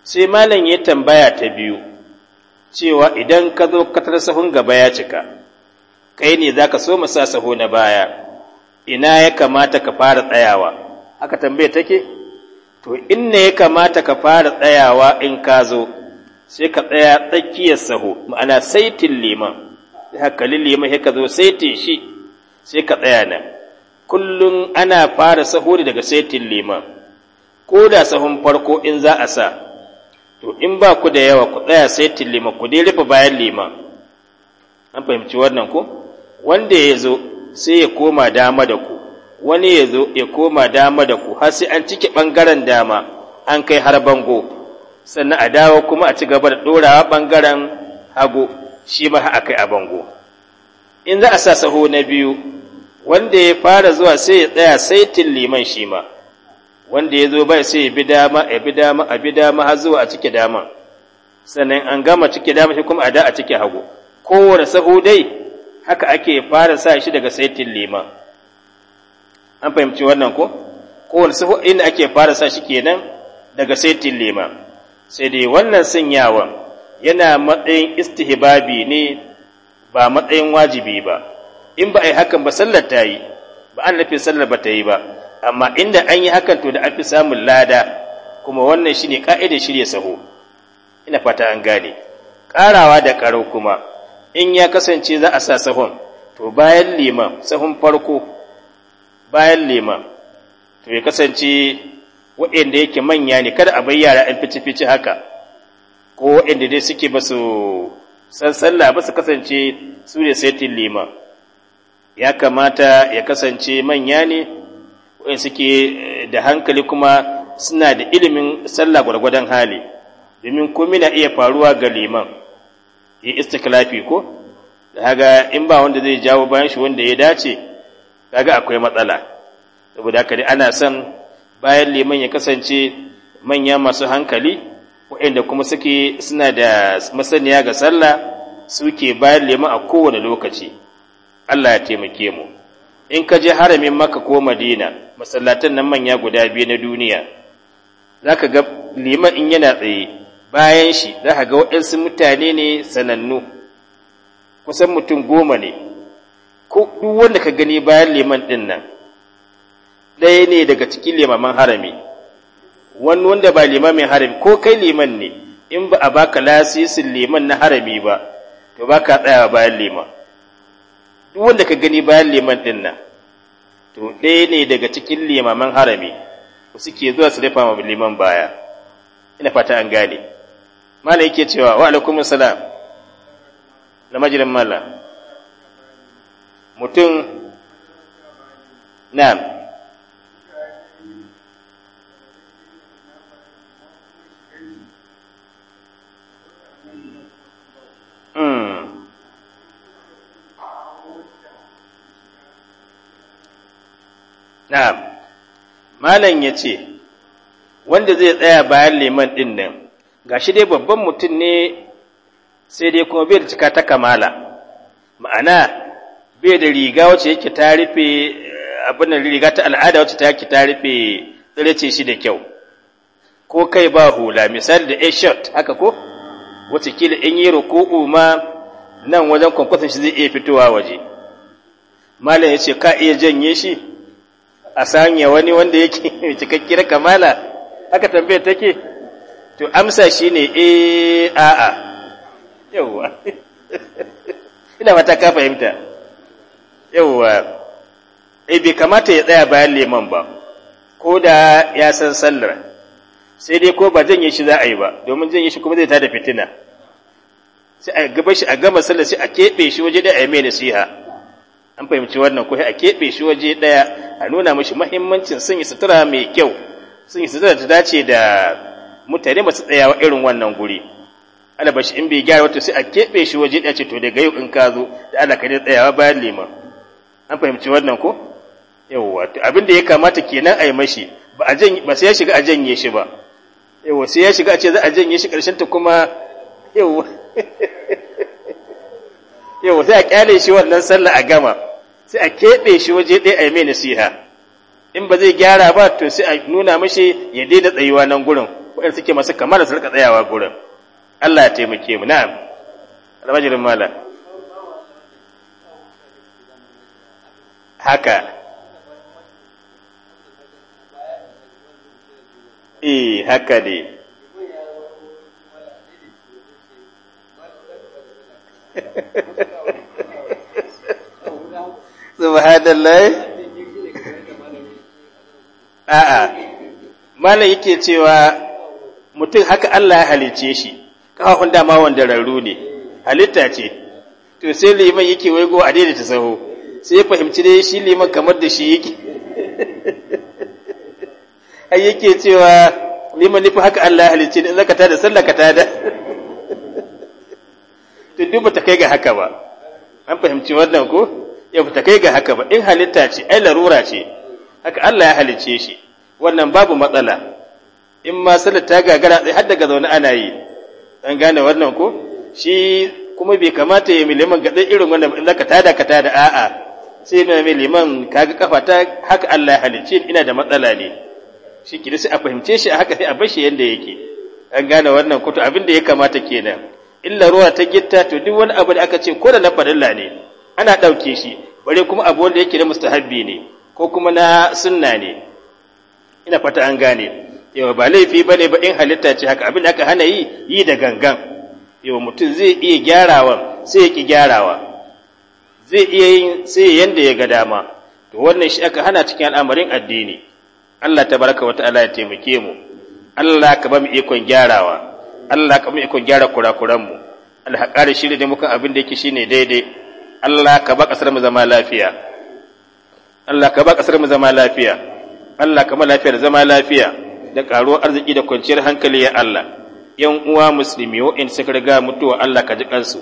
sai malam ya tambaya ta biyu cewa idan ka zo katar sahun gaba ya cika kai ne zaka so mu sa saho na baya ina ya kamata ka fara tsayawa haka tambaye take to inna ya kamata ka fara tsayawa in ka zo sai ka tsaya tsakiyar saho ma'ana saitin liman haka liman sai ka zo saitin shi sai ka tsaya nan kullum ana fara saho daga saitin liman ko da sahun farko in za a sa to in ba ku da yawa ku tsaya saitin liman ku dai rufe bayan liman an fahimci wannan ko wanda ya zo sai ya koma dama da ku wani ya zo ya koma dama da ku har sai an cike ɓangaren dama an kai har bango sannan a dawo kuma a ci gaba da ɗorawa ɓangaren hagu shi ma a kai a bango in za a sa saho na biyu wanda ya fara zuwa sai ya tsaya saitin liman shi ma wanda ya zo bai sai ya bi dama ya bi dama a bi dama har zuwa a cike dama sannan an gama cike dama shi kuma a da a cike hagu kowane saho dai haka ake fara sa shi daga saitin liman an fahimci wannan ko kowane sifo inda ake fara sa shi kenan daga saitin lema sai dai wannan sanyawan yana matsayin istihbabi ne ba matsayin wajibi ba in ba a yi hakan ba sallar ta yi ba an sallar ba ta yi ba amma inda an yi hakan to da an fi samun lada kuma wannan shine ka'idar shirya saho ina fata an gane ƙarawa da ƙarau kuma in ya kasance za a sa sahon to bayan liman sahun farko bayan lema to ya kasance waɗanda yake manya ne kada a yara ‘yan fici-fici haka ko waɗanda dai suke ba su san sallah ba su kasance su ne saitin leman ya kamata ya kasance manya ne waɗanda suke eh, da hankali kuma suna da ilimin sallah gwargwadon hali domin komai na iya faruwa ga liman ya istiklafi ko da haga in ba wanda zai jawo bayan shi wanda ya dace kaga akwai matsala saboda haka dai ana son bayan liman ya kasance manya masu hankali waɗanda kuma suke suna da masaniya ga sallah suke bayan liman a kowane lokaci Allah ya taimake mu in ka je haramin maka ko madina masallatan nan manya guda biyu na duniya za ka ga liman in yana tsaye bayan shi za ka ga waɗansu mutane ne sanannu kusan mutum goma ne ko duk wanda ka gani bayan liman ɗin nan ɗaya ne daga cikin limaman harami wani wanda ba mai harami ko kai liman ne in ba a baka lasisin liman na harami ba to ba ka tsaya bayan liman duk wanda ka gani bayan liman ɗin nan to ɗaya ne daga cikin limaman harami suke zuwa su rufa ma liman baya ina fata an gane malam yake cewa wa alaikumus salam na majalin malam mutum na'am hmm. na'am malam ya ce wanda zai tsaya bayan liman ɗin nan shi dai babban mutum ne sai dai kuma bai da cika ta kamala ma'ana bai da riga wacce yake ta rufe abin riga ta al'ada wacce ta yake ta rufe tsirace shi da kyau ko kai ba hula misali da a-shirt haka ko wacce kila in yi ruku'u ma nan wajen kwankwasan shi zai iya fitowa waje malam ya ce ka iya janye shi a sanya wani wanda yake raka [laughs] kamala haka tambayar take to amsa shine eh a'a yawwa [laughs] ina mata ka fahimta yauwa e bai kamata ya tsaya bayan liman ba ko da ya san sallar sai dai ko ba janye shi za a yi ba domin janye shi kuma zai tada fitina sai a gaba shi a gama sallar sai a keɓe shi waje ɗaya a yi mai nasiha an fahimci wannan ko a keɓe shi waje ɗaya a nuna mashi mahimmancin sun yi sutura mai kyau sun yi sutura ta dace da mutane masu tsayawa irin wannan guri alabashi in bai gyara wata sai a keɓe shi waje ɗaya ce to daga yau in ka zo da ana ka tsayawa bayan liman an fahimci wannan ko yawwa abin da ya kamata kenan a yi mashi ba sai ya shiga a janye shi ba yawwa sai ya shiga a ce za a janye shi karshen ta kuma yawwa [laughs] yawwa sai a kyale shi wannan sallah a gama sai a keɓe shi waje ɗaya a yi mai nasiha in ba zai gyara ba to sai a nuna mashi ya daina tsayuwa nan gurin waɗanda suke masu kamar da su rika tsayawa gurin Allah ya taimake mu na'am almajirin malam haka eh haka ne subhanallah a'a malam yake cewa mutum haka Allah ya halice shi kafafun dama wanda rarru ne halitta ce to sai liman yake waigo a daidaita saho sai ya fahimci dai shi liman kamar da shi yake [laughs] ai yake cewa liman nufi haka Allah ya halicce in zaka tada sallaka ka tada [laughs] to duk ta kai ga haka ba an fahimci wannan ko ya ta kai ga haka ba in halitta ce ai larura ce haka Allah ya halicce shi wannan babu matsala in ma sallar ta gagara sai har daga zaune ana yi an gane wannan ko shi kuma bai kamata ya miliman gaɗe irin wannan in zaka tada ka tada a'a sai mai mai liman kaga kafa ta haka Allah ya halice ina da matsala ne shi kida sai a fahimce shi a haka sai a bar shi yanda yake an gane wannan kuto abin da ya kamata kenan illa ruwa ta gitta to duk wani abu da aka ce ko da na fadilla ne ana ɗauke shi bare kuma abu wanda yake na mustahabbi ne ko kuma na sunna ne ina fata an gane yawa ba laifi ba ne ba in halitta ce haka abin da aka hana yi yi da gangan yawa mutum zai iya gyarawa sai ya ki gyarawa zai iya yin sai yanda ya ga dama to wannan shi aka hana cikin al'amarin addini Allah tabaraka wa ta'ala ya taimake mu Allah ka ba mu ikon gyarawa Allah ka mu ikon gyara kurakuran mu alhaƙari shirya da muka abin da yake shine daidai Allah ka ba kasar mu zama lafiya Allah ka ba kasar mu zama lafiya Allah ka ba lafiya da zama lafiya da karuwar arziki da kwanciyar hankali ya Allah yan uwa musulmi wa'in suka riga mutuwa Allah ka ji kansu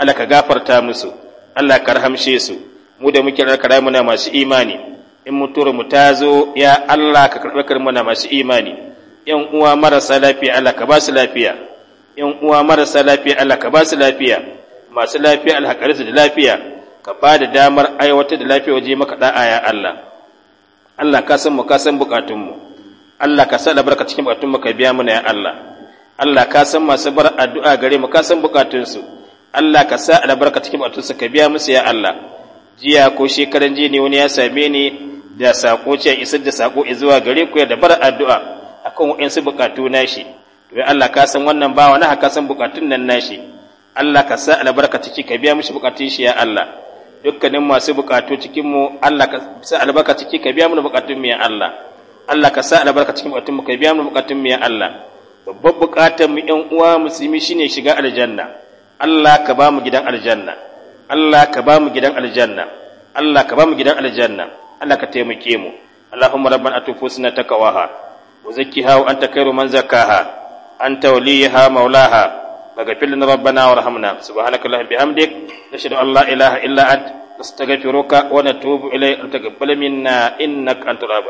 Allah ka gafarta musu Allah ka rahamshe su mu da muke raka rayu muna masu imani in mutuwar mu ta zo ya Allah ka karɓar kar muna masu imani yan uwa marasa lafiya Allah ka ba su lafiya yan uwa marasa lafiya Allah ka ba su lafiya masu lafiya alhakarisu su da lafiya ka ba da damar aiwatar da lafiya waje maka da'a ya Allah Allah ka san mu ka san bukatun mu Allah ka sa albarka cikin bukatun mu ka biya mana ya Allah Allah ka san masu bar addu'a gare mu ka san bukatun su Allah ka sa albarka cikin batunsa ka biya musu ya Allah jiya ko shekaran jiya ne wani ya same ni da sako ce isar da sako zuwa gare ku da bar addu'a akan wa'ansu bukatu nashi to Allah ka san wannan ba wani haka san bukatun nan nashi Allah ka sa albarka ciki ka biya mishi bukatun shi ya Allah dukkanin masu bukatu cikin mu Allah ka sa albarka ciki ka biya mana bukatun mu ya Allah Allah ka sa albarka cikin bukatun mu ka biya mana bukatun mu ya Allah babbar bukatun mu ƴan uwa musulmi shine shiga aljanna Allah ka ba mu gidan aljanna Allah ka ba mu gidan aljanna Allah ka ba mu gidan aljanna Allah ka taimake mu Allahumma rabban atufusna takawaha wa zakkiha wa anta khairu man zakkaha anta waliyaha maulaha faghfir lana rabbana warhamna subhanaka allahumma bihamdik nashhadu an la ilaha illa ant nastaghfiruka wa natubu ilayk taqabbal minna innaka antal